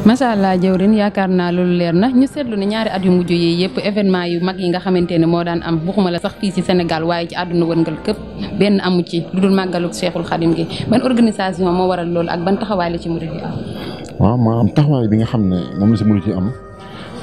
macha allah jëwrin yaakaar naa loolu leer na ñu seetlu ne ñaari at yu mujj yi yëpp événement yu mag yi nga xamante ne moo daan am buxuma la sax fii ci Sénégal waaye ci àdduna wërngal këpp benn amu ci lu dul màggalug Cheikhul Khadim gi ban organisation moo waral loolu ak ban taxawaay la ci murid yi am. waaw maanaam bi nga xam ne moom la si murid yi am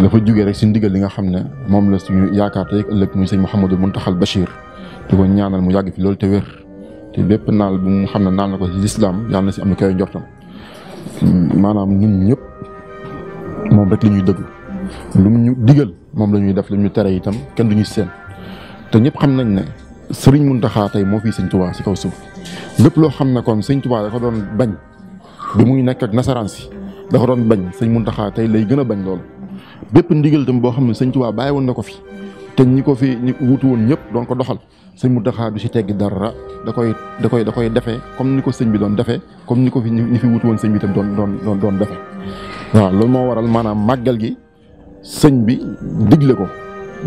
dafa jugee rek si ndigal li nga xam ne moom la suñu yaakaar te ëllëg muy sëñ Mouhamadou Mountakhal Bachir di ko ñaanal mu yàgg fi loolu te wér te bépp naal bu mu xam ne naal na ko si lislaam yàlla na si am lu koy njortam maanaam ñun ñëpp moom rek la ñuy dëgg lu mu ñu digal moom la ñuy def lu ñu tere itam kenn du ñu seen te ñëpp xam nañ ne sëriñ Muntaxa tey moo fi sëñ Tuubaa si kaw suuf lépp loo xam ne kon sëñ Tuubaa dafa doon bañ bi muy nekk ak nasaraan si dafa doon bañ sëñ Muntaxa tey lay gën a bañ loolu bépp ndigal tam boo xam ne sëñ bàyyi woon na ko fi te ñi ko fi ñi wutu woon ñëpp doon ko doxal sëñ Muntaxa du si teggi darara da koy da koy da koy defee comme ni ko sëñ bi doon defee comme ni ko fi ñi fi wutu woon sëñ bi tam doon doon doon doon defee waaw loolu moo waral maanaam màggal gi sëñ bi digle ko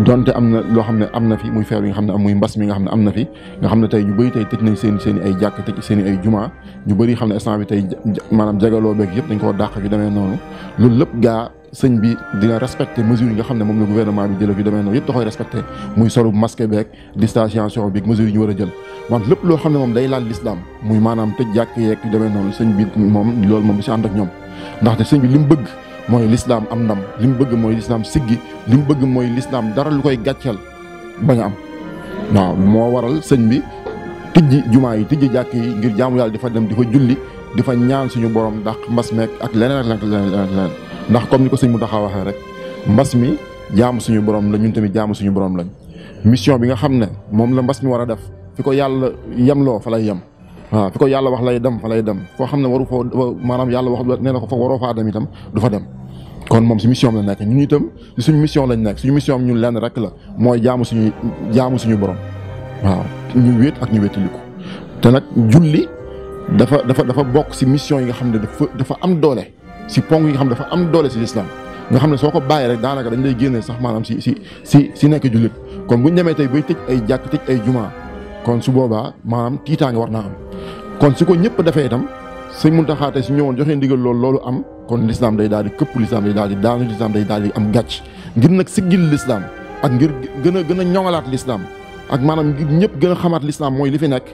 donte am na loo xam ne am na fi muy feebar yi nga xam ne muy mbas mi nga xam ne am na fi nga xam ne tey ñu bëri tey tëj nañ seen seen i ay seen i ay xam ne instant bi tey maanaam jagaloo beeg yëpp dañ koo dàq demee noonu lépp gaa sëñ bi dina respecté mesures yi nga xam ne moom la gouvernement bi jëlee yu demee noonu yëpp da koy respecté muy solu masque beeg distanciation beeg mesures yi ñu war a jël maanaam lépp loo xam ne moom day laal lislaam muy maanaam tëj jàkk yeeg yu demee noonu sëñ bi moom loolu moom du si ànd ak ñoom ne seigne bi lim bëgg mooy l'islam am ndam lim bëgg mooy l'islam siggi lim bëgg mooy l'islam dara lu koy gàcceel bañ a am waaw moo waral sëñ bi tijji juma yi tijji jàkk yi ngir jaamu yàlla di fa dem di fa julli di fa ñaan suñu borom ndax mbas meek ak leneen ak leneen ndax comme ni ko sëñ mu taxaw waxee rek mbas mi jaamu suñu borom la ñun tamit jaamu suñu borom lañ mission bi nga xam ne moom la mbas mi war a def fi ko yàlla yemloo fa lay yem waaw fi ko yàlla wax lay dem fa lay dem foo xam ne waru foo maanaam yàlla wax nee na ko fa waroo faa dem itam du fa dem kon moom si mission la nekk ñun itam si suñu mission lañ nekk suñu mission ñun lenn rek la mooy jaamu suñu jaamu suñu borom waaw ñu wéet ak ñu ko te nag julli dafa dafa dafa bokk si mission yi nga xam ne dafa dafa am doole si ponk yi nga xam dafa am doole si lislaam nga xam ne soo ko bàyyi rek daanaka dañ lay génne sax maanaam si si si si nekk jullit kon buñ demee tey bay tëj ay jàkk tëj ay jumaa kon su boobaa maanaam tiitaange war naa am kon si ko ñëpp defee itam sëñ Muntaxa tey su ñëwoon joxe ndigal loolu loolu am kon lislaam day daal di këpp lislaam day daal di daanu lislaam day daal di am gàcc ngir nag siggil lislaam ak ngir gën a gën a ñoŋalaat lislaam ak maanaam ngir ñëpp gën a xamaat lislaam mooy li fi nekk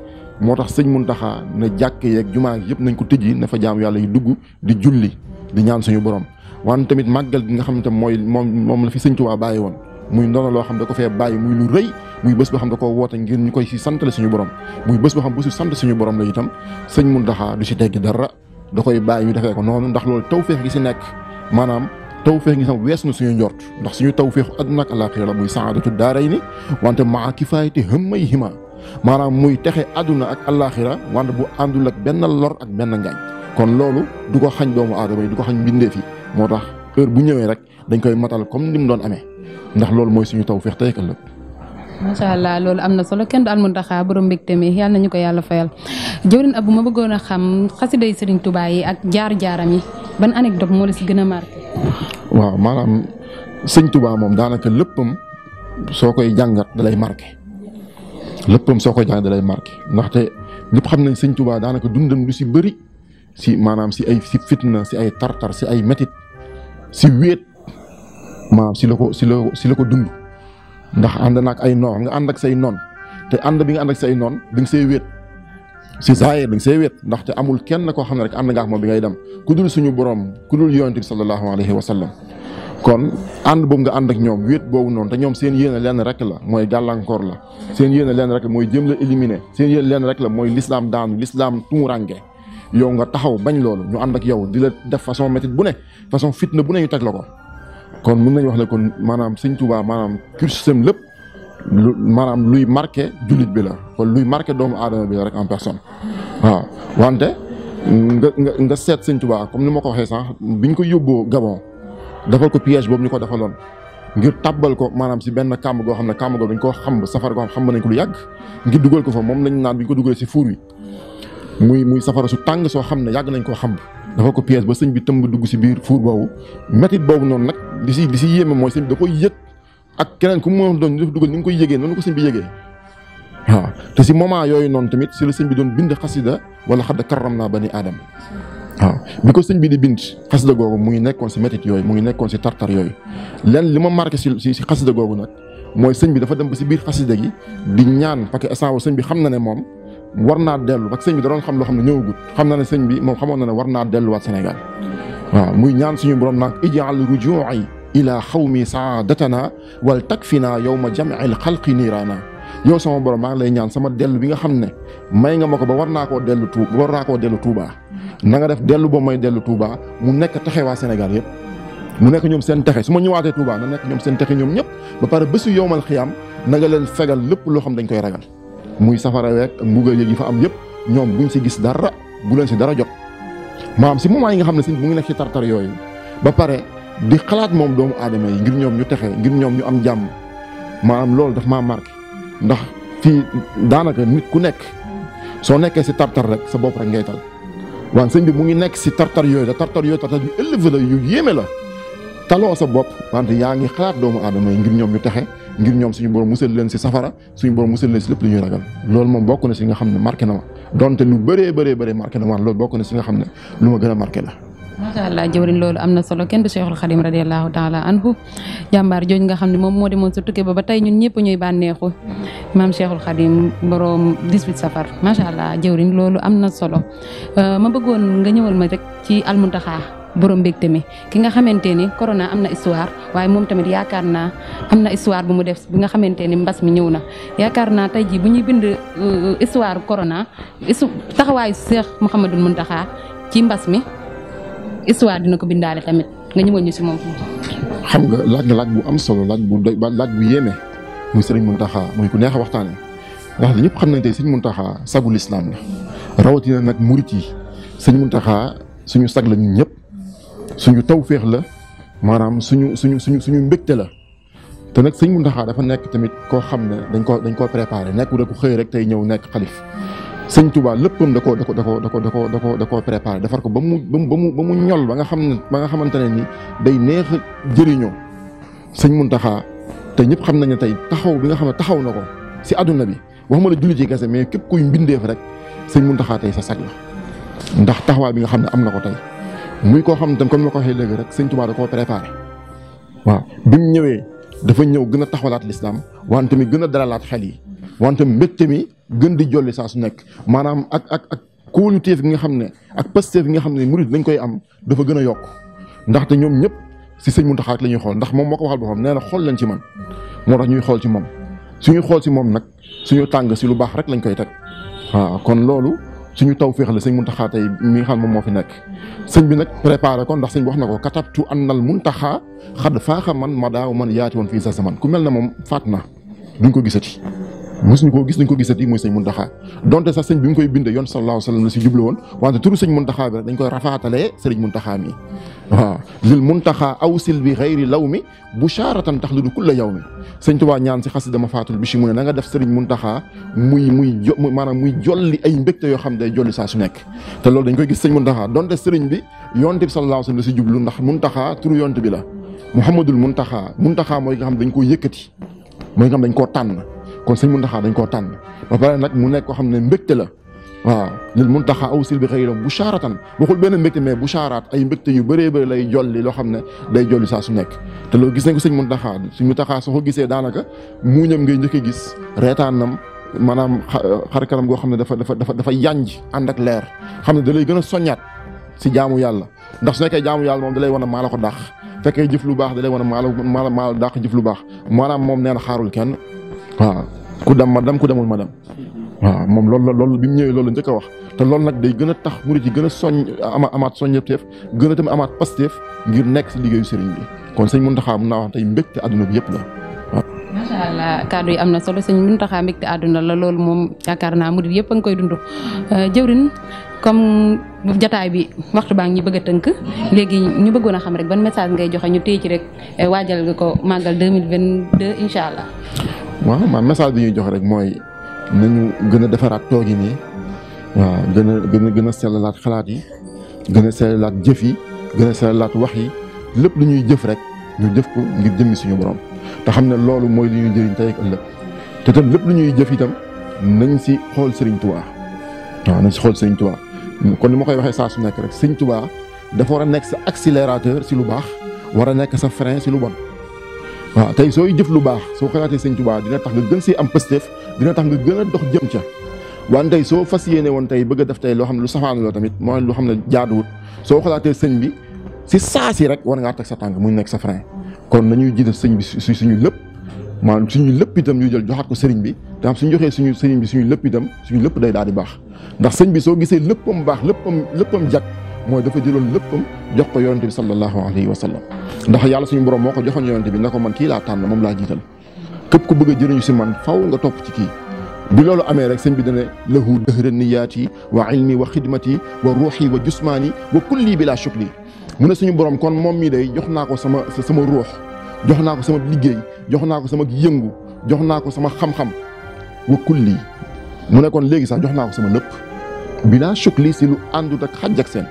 moo tax sëñ Muntaxa ne jàkk yeeg jumaa yëpp nañ ko tëjji na fa jaam yàlla yi dugg di julli di ñaan suñu borom wante tamit màggal gi nga xam ne mooy moom moom la fi sëñ bàyyi woon muy ndono loo xam da ko fee bàyyi muy lu rëy muy bés boo xam da ko woote ngir ñu koy si santale suñu borom muy bés boo xam si sant suñu borom la itam sëñ Muntaxa du si teggi dara da koy bàyyi ñu defee ko noonu ndax loolu tawféex gi si nekk maanaam tawféex gi sam wees na suñu njort ndax suñu tawféexu àdduna ak àllaaxira la muy saadatu daaray ni wante maa kifaayati hëmmay hima maanaam muy texe àdduna ak àllaaxira wante bu àndul ak benn lor ak benn ngaañ kon loolu du ko xañ doomu aadama yi du ko xañ mbindeef yi moo tax heure bu ñëwee rek dañ koy matal comme ni mu doon amee ndax loolu mooy suñu taw feex tey ëllëg macha allah loolu am na solo kenn du al muntaxaa borom mbégte mi yàlla nañu ko yàlla fayal jëwrin abu ma bëggoon a xam xasiday sëriñ Tuubaa yi ak jaar-jaaram yi ban anecdote moo la si gën a marqué. waaw maanaam sëñ Tuubaa moom daanaka léppam soo koy jàngat da lay marqué soo koy jàngat da lay ndaxte ñëpp xam nañ sëñ Tuubaa daanaka dundam lu si bari si maanaam si ay si fitna si ay tartar si ay metit si wéet maanaam si la ko si la si la ko dund ndax ànd naag ay noon nga ànd ak say noon te ànd bi nga ànd ak say noon di nga see wéet si saayee di nga see wéet ndaxte amul kenn koo xam ne rek ànd nga ak moom bi ngay dem ku dul suñu borom ku dul yonent bi sallallahu alayhi wa sallam kon ànd boobu nga ànd ak ñoom wéet boobu noonu te ñoom seen yéene lenn rek la mooy gàllankoor la seen yéene lenn rek mooy jëm la éliminer seen yéene lenn rek la mooy lislaam daanu lislaam tumurange yow nga taxaw bañ loolu ñu ànd yow di la def façon métit bu ne façon fitna bu ne ñu teg la ko kon mën nañ wax ne kon maanaam sëñ Touba maanaam cursusam lépp lu maanaam luy marqué jullit bi la kon luy marqué doomu aadama bi la rek en personne waaw wante nga nga seet sëñ Touba comme ni ma ko waxee sànq biñ ko yóbboo Gabon defal ko piège boobu ñu ko defaloon ngir tàbbal ko maanaam si benn kàmb goo xam ne kàmb goo dañ koo xam safara goo xam xam nañ ko lu yàgg ngir dugal ko fa moom lañ naan bi ñu ko dugalee si fuur muy muy safara su tàng soo xam ne yàgg nañ koo xam dafa ko piège ba sëñ bi tëmb dugg si biir fuur boobu métit boobu noonu nag li si li si yéeme mooy sëñ bi da koy yëg ak keneen ku mu doon dugal ni nga koy yëgee noonu ko sëñ bi yëgee waaw si moment yooyu noonu tamit si la sëñ bi doon bind xasida wala xadda karram naa bani aadama waaw bi ko sëñ bi di bind xasida googu mu ngi nekkoon si métit yooyu mu ngi nekkoon si tartar yooyu lenn li ma marqué si si xasida googu nag mooy sëñ bi dafa dem ba si biir xasida gi di ñaan parce que instant sëñ bi xam na ne moom war naa dellu parce sëñ bi da doon xam loo xam ne ñëwagut xam na ne sëñ bi moom xamoon na ne war naa delluwaat Sénégal waaw muy ñaan suñu borom nag ijaal rujuu'i ila xawmi saadatana wal takfina yawma jam'il xalqi niiraana yow sama borom maa ngi lay ñaan sama dellu bi nga xam ne may nga ma ko ba war naa koo dellu tu war naa koo dellu Touba. na nga def dellu ba may dellu Touba mu nekk texe waa Sénégal yëpp mu nekk ñoom seen texe su ma ñëwaatee Touba na nekk ñoom seen texe ñoom ñëpp ba pare bésu yowmal xiyaam na nga leen fegal lépp loo xam dañ koy ragal muy safara week mbugal yi fa am yëpp ñoom buñ si gis dara bu si dara jot maanaam si moment yi nga xam ne sëñ bi mu ngi nekk ci tartar yooyu ba pare di xalaat moom doomu aadama yi ngir ñoom ñu texe ngir ñoom ñu am jàmm maanaam loolu daf maa marqué ndax fii daanaka nit ku nekk soo nekkee si tartar rek sa bopp rek ngay tal waaye sëñ bi mu ngi nekk si tartar yooyu da tartar yooyu tartar yu élevé la yu yéeme la taloo sa bopp wante yaa ngi xalaat doomu aadama yi ngir ñoom ñu taxe ngir ñoom suñu borom musal leen si safara suñu borom musal leen si lépp lu ñuy ragal loolu moom bokk na si nga xam ne marqué na ma donte lu bëree ma bokk na si nga xam ne lu ma gën a marqué la macha allah jëwriñ loolu am na solo kenn du Cheikhul Khadim radiallahu taala anhu nga xam ne moom moo demoon sa tukkee ba ba tey ñun ñëpp ñuy bànneexu maam Cheikhul Khadim borom 18 safar macha allah jëwriñ loolu am na solo euh, ma bëggoon nga ñëwal ma rek ci almuntaxaa borom mbégte mi ki nga xamante corona amna histoire waye mom tamit yakarna amna histoire bu mu def bi nga xamante mbass mi ñewna yakarna tay ji bu ñuy bind euh, histoire corona taxaway Cheikh Mouhamadul muntaha ci mbass mi histoire dina ko bindale tamit nga ñu ñu ci mom xam nga laj laj bu am solo laj bu laj bu yéeme muy serigne muntaha muy ku neex waxtane ndax ñepp xam nañ tay serigne muntaha sagul islam la rawati nak murit serigne muntaha, suñu sag la ñun suñu tawféex la maanaam suñu suñu suñu suñu mbégte la te nag sëñ Muntaxa dafa nekk tamit koo xam ne dañ ko dañ koo préparé nekk da ko xëy rek tey ñëw nekk xalif sëñ Tuubaa léppam da koo da ko da ko da ko da ko da ko da koo préparé defar ko ba mu ba mu ba mu ñol ba nga xam ba nga xamante ne ni day neex a jëriñoo sëñ Muntaxa te ñëpp xam nañu ne tey taxaw bi nga xam ne taxaw na ko si àdduna bi waxuma la jullit yi kese mais képp kuy mbindeef rek sëñ Muntaxa tey sa sag la ndax taxawaay bi nga xam am na ko tey muy koo xam ne tam comme ma ko waxee léegi rek sëñ Tuubaa da koo préparé waaw bi mu ñëwee dafa ñëw gën a taxawalaat lislaam wante mi gën a dalalaat xel yi wante mbégte mi gën di jolli saa su nekk maanaam ak ak ak kóoluteef bi nga xam ne ak pasteef bi nga xam ne murid dañ koy am dafa gën a yokk ndaxte ñoom ñëpp si sëñ Muntaxa la ñuy xool ndax moom moo ko waxal xam nee na xool leen ci man moo tax ñuy xool ci moom suñuy xool ci moom nag suñu tàng si lu baax rek lañ koy teg waaw kon suñu taw féex la sëñ taxaa tey mi xam moom moo fi nekk sëñ bi nag préparé ko ndax sëñ bi wax na ko katabtu annal Muntaxa xad faaxa man ma daaw man yaati woon fii sa zaman ku mel na moom faat na duñ ko gisati musuñ ko gis nañ ko gisati mooy sëñ Muntaxa donte sax sëñ bi mu koy bind yoon sallallahu alayhi wa sallam la si jublu woon wante turu sëñ Muntaxa bi dañ koy rafaatalee sëriñ Muntaxa mi waaw lil muntaha awsil bi xayri law mi bu charatan tax lu du kulla yow mi sëñ Tuubaa ñaan si xasida ma faatul bi si mu ne na nga def sëriñ Muntaxa muy muy jo muy jolli ay mbégte yoo xam day jolli saa su nekk te loolu dañ koy gis sëñ Muntaxa donte sëriñ bi yonte bi sallallahu alayhi wa la si jublu ndax Muntaxa turu yonte bi la Muhammadul Muntaxa Muntaxa mooy nga xam dañ koo yëkkati mooy nga xam dañ koo tànn kon seigne muntaha dañ ko tan ba pare nak mu nek ko xamne mbekté la wa lil Muntaxa awsil bi xëyiram bu waxul ben mbekté mais bu ay mbekté yu bëree bëri lay jolli lo xamne day jolli sa su nek te lo gis nañ ko sëñ Muntaxa sëñ Muntaxa soo ko gisé danaka muuñam ngay njëkk a gis rétanam manam xar kanam go xamne dafa dafa dafa dafa yanj andak lèr xamne dalay gëna soñat ci jaamu yàlla ndax su nekkee jaamu yàlla moom dalay lay wan a maa la ko dàq fekkee jëf lu baax da lay wan a maa la maa la dàq jëf lu baax maanaam moom nee na xaarul kenn waaw ku dem ma dem ku demul ma dem waaw moom loolu la loolu bi mu ñëwee loolu la njëkk a wax te loolu nag day gën a tax murit yi gën a soññ ama amaat soññeef gën a tamit amaat pasteef ngir nekk si liggéeyu sëriñ bi kon sëñ Muntaxa mun naa wax tey la lool moom yaakaar naa murit yëpp a ngi koy dund euh, jëwrin comme jataay bi waxtu baa ngi bëgg tënk léegi ñu bëggoon a xam rek ban message ngay joxe ñu téye ci rek waajal nga ko màggal 2022 incha allah. waaw maam message bi ñuy jox rek mooy nañu gën a defaraat toogin yi waaw gën a gën a gën a sellalaat xalaat yi gën a sellalaat jëf yi gën a sellalaat wax yi lépp lu ñuy jëf rek ñu jëf ko ngir jëmmi suñu borom te xam ne loolu mooy li ñuy jëriñ tey ak ëllëg te tam lépp lu ñuy jëf itam nañ si xool Sëriñ Tuubaa waaw nañ si xool Sëriñ Tuubaa kon ni ma koy waxee saa su nekk rek Sëriñ Tuubaa dafa war a nekk sa accélérateur si lu baax war a nekk sa frein si lu bon waaw tey sooy jëf lu baax soo xalaatee sëñ Tuubaa dina tax nga gën see am pësteef dina tax nga gën a dox jëm ca waan tey soo fas yéene woon tey bëgg a def tey loo xam ne lu safaanu la tamit mooy loo xam ne jaaduwut soo xalaatee sëñ bi si saa si rek war ngaa teg sa tànk mu nekk sa frein kon nañuy jiital sëñ bi su suñu lépp maanaam suñu lépp itam ñu jël joxaat ko sëriñ bi te am suñu joxee suñu sëriñ bi suñu lépp itam suñu lépp day daal di baax ndax sëñ bi soo gisee léppam baax léppam léppam jag moy dafa jëloon léppam jox ko yoonte bi sallallahu alayhi wa sallam ndax yàlla suñu borom moko ko yoonte bi nako man ki la tan mom la jital kep ku bëgg jëriñu ci man faaw nga top ci ki bi lolu amé rek sëñ bi dane lahu dëhra niyaati wa ilmi wa khidmati wa ruhi wa jismani wa kulli bila shukli mu suñu borom kon mom mi day jox naa sama sama ruh jox naa sama liggey jox naa sama yëngu jox naa sama xam-xam wa kulli mu kon légui sax jox naa sama lépp bila shukli si lu àndut ak xàjj ak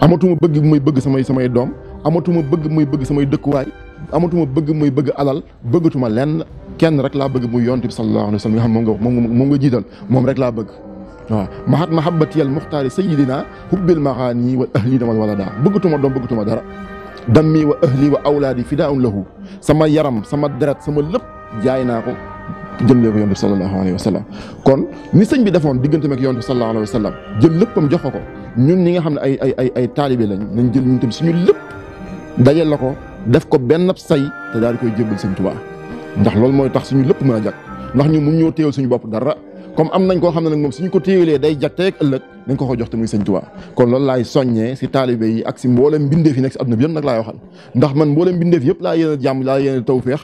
amatuma bëgg muy bëgg samay samay doom amatuma bëgg muy bëgg samay dëkkuwaay amatuma bëgg muy bëgg alal bëggatuma lenn kenn rek laa bëgg mu yonent bi sallallahu alayhi wa sallam nga xam moom nga moom moom nga jiital moom rek laa bëgg waaw mahat mahabatiyal muxtaari sayidina hubbil maxaani wa ahlina wal walada bëggatuma doom bëggatuma dara dammi wa ahli wa awlaadi fidaun lahu sama yaram sama deret sama lépp jaay naa ko jëlee ko yonent bi sallallahu alayhi wa sallam kon ni sëñ bi defoon diggante ak yonent bi sallallahu alayhi wa sallam jël léppam jox ko ko ñun ñi nga xam ne ay ay ay ay taalibe lañ nañ jël ñun tamit suñu lépp dajal la ko def ko benn say te daal di koy jébbal sëñ Tuubaa ndax loolu mooy tax suñu lépp mën a jag ndax ñu mun ñoo téewal suñu bopp dara comme am nañ koo xam ne nag moom suñu ko téewalee day jag tey ak ëllëg dañ ko ko jox te muy sëñ Tuubaa kon loolu laay soññee si si mboolem mbindeef yi nekk si adduna bi yëpp nag laay waxal ndax man mboolem laa jàmm laa yéen a